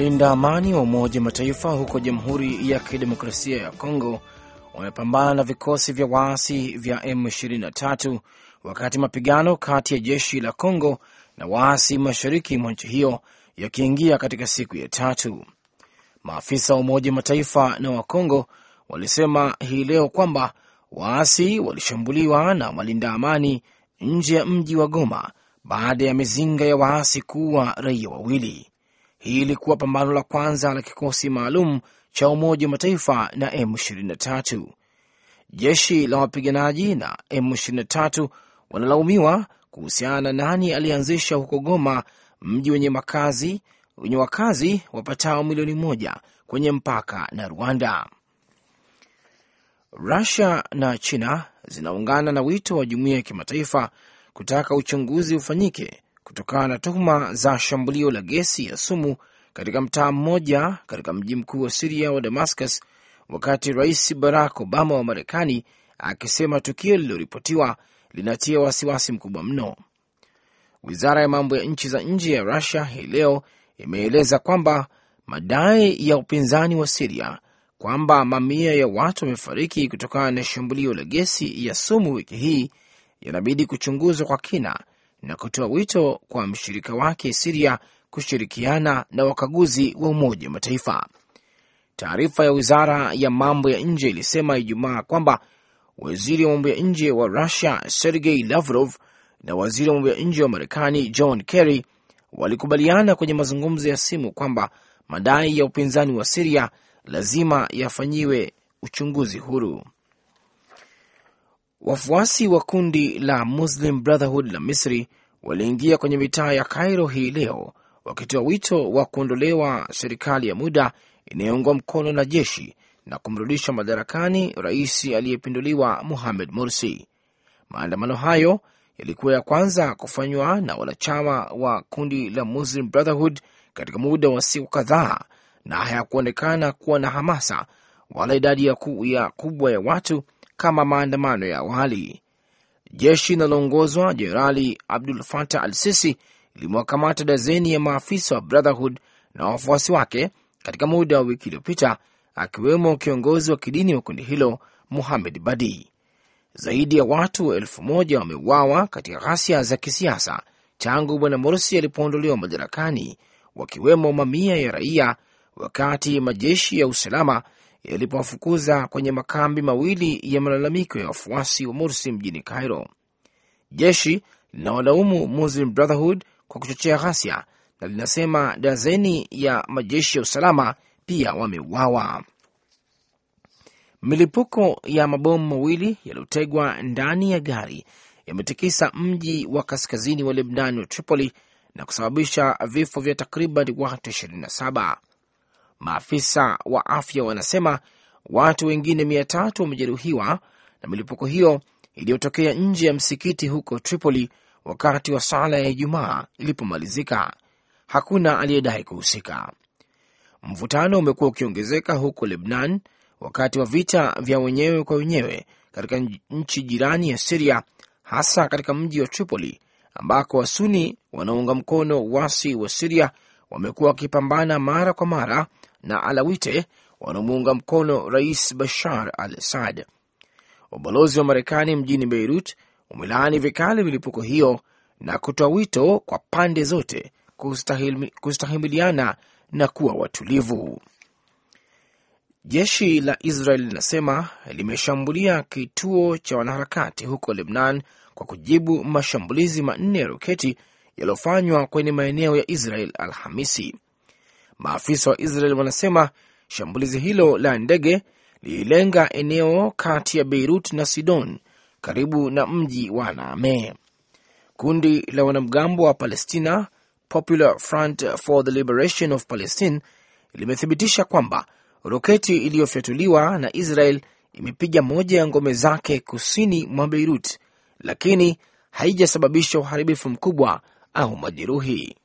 Walinda amani wa Umoja Mataifa huko Jamhuri ya Kidemokrasia ya Kongo wamepambana na vikosi vya waasi vya M23 wakati mapigano kati ya jeshi la Kongo na waasi mashariki mwa nchi hiyo yakiingia katika siku ya tatu. Maafisa wa Umoja Mataifa na wa Kongo walisema hii leo kwamba waasi walishambuliwa na walinda amani nje ya mji wa Goma baada ya mizinga ya waasi kuua raia wawili. Hii ilikuwa pambano la kwanza la kikosi maalum cha Umoja wa Mataifa na M23. Jeshi la wapiganaji na M23 wanalaumiwa kuhusiana na nani alianzisha huko Goma, mji wenye makazi wenye wakazi wapatao milioni moja kwenye mpaka na Rwanda. Rusia na China zinaungana na wito wa jumuiya ya kimataifa kutaka uchunguzi ufanyike kutokana na tuhuma za shambulio la gesi ya sumu katika mtaa mmoja katika mji mkuu wa Siria wa Damascus, wakati Rais Barack Obama wa Marekani akisema tukio lililoripotiwa linatia wasiwasi mkubwa mno. Wizara ya mambo ya nchi za nje ya Rusia hii leo imeeleza kwamba madai ya upinzani wa Siria kwamba mamia ya watu wamefariki kutokana na shambulio la gesi ya sumu wiki hii yanabidi kuchunguzwa kwa kina na kutoa wito kwa mshirika wake Siria kushirikiana na wakaguzi wa Umoja wa Mataifa. Taarifa ya wizara ya mambo ya nje ilisema Ijumaa kwamba waziri wa mambo ya nje wa Rusia Sergei Lavrov na waziri wa mambo ya nje wa Marekani John Kerry walikubaliana kwenye mazungumzo ya simu kwamba madai ya upinzani wa Siria lazima yafanyiwe uchunguzi huru. Wafuasi wa kundi la Muslim Brotherhood la Misri waliingia kwenye mitaa ya Cairo hii leo wakitoa wito wa kuondolewa serikali ya muda inayoungwa mkono na jeshi na kumrudisha madarakani rais aliyepinduliwa muhamed Morsi. Maandamano hayo yalikuwa ya kwanza kufanywa na wanachama wa kundi la Muslim Brotherhood katika muda wa siku kadhaa na hayakuonekana kuwa na hamasa wala idadi ya kubwa ya watu kama maandamano ya awali. Jeshi linaloongozwa Jenerali Abdul Fatah al Sisi limewakamata dazeni ya maafisa wa Brotherhood na wafuasi wake katika muda wa wiki iliyopita, akiwemo kiongozi wa kidini wa kundi hilo Muhamed Badi. Zaidi ya watu elfu moja wameuawa katika ghasia za kisiasa tangu Bwana Morsi alipoondolewa madarakani, wakiwemo mamia ya raia, wakati majeshi ya usalama yalipowafukuza kwenye makambi mawili ya malalamiko ya wafuasi wa Mursi mjini Cairo. Jeshi linawalaumu Muslim Brotherhood kwa kuchochea ghasia na linasema dazeni ya majeshi ya usalama pia wameuawa. Milipuko ya mabomu mawili yaliyotegwa ndani ya gari yametikisa mji wa kaskazini wa Lebnani wa Tripoli na kusababisha vifo vya takriban watu Maafisa wa afya wanasema watu wengine mia tatu wamejeruhiwa na milipuko hiyo iliyotokea nje ya msikiti huko Tripoli wakati wa sala ya Ijumaa ilipomalizika. Hakuna aliyedai kuhusika. Mvutano umekuwa ukiongezeka huko Lebnan wakati wa vita vya wenyewe kwa wenyewe katika nchi jirani ya Siria, hasa katika mji wa Tripoli ambako Wasuni wanaunga mkono wasi wa Siria wamekuwa wakipambana mara kwa mara na Alawite wanaomuunga mkono Rais Bashar al Assad. Ubalozi wa Marekani mjini Beirut umelaani vikali milipuko hiyo na kutoa wito kwa pande zote kustahimiliana na kuwa watulivu. Jeshi la Israel linasema limeshambulia kituo cha wanaharakati huko Lebnan kwa kujibu mashambulizi manne ya roketi yaliyofanywa kwenye maeneo ya Israel Alhamisi. Maafisa wa Israel wanasema shambulizi hilo la ndege lililenga eneo kati ya Beirut na Sidon karibu na mji wa Naame. Kundi la wanamgambo wa Palestina Popular Front for the Liberation of Palestine limethibitisha kwamba roketi iliyofyatuliwa na Israel imepiga moja ya ngome zake kusini mwa Beirut, lakini haijasababisha uharibifu mkubwa au majeruhi.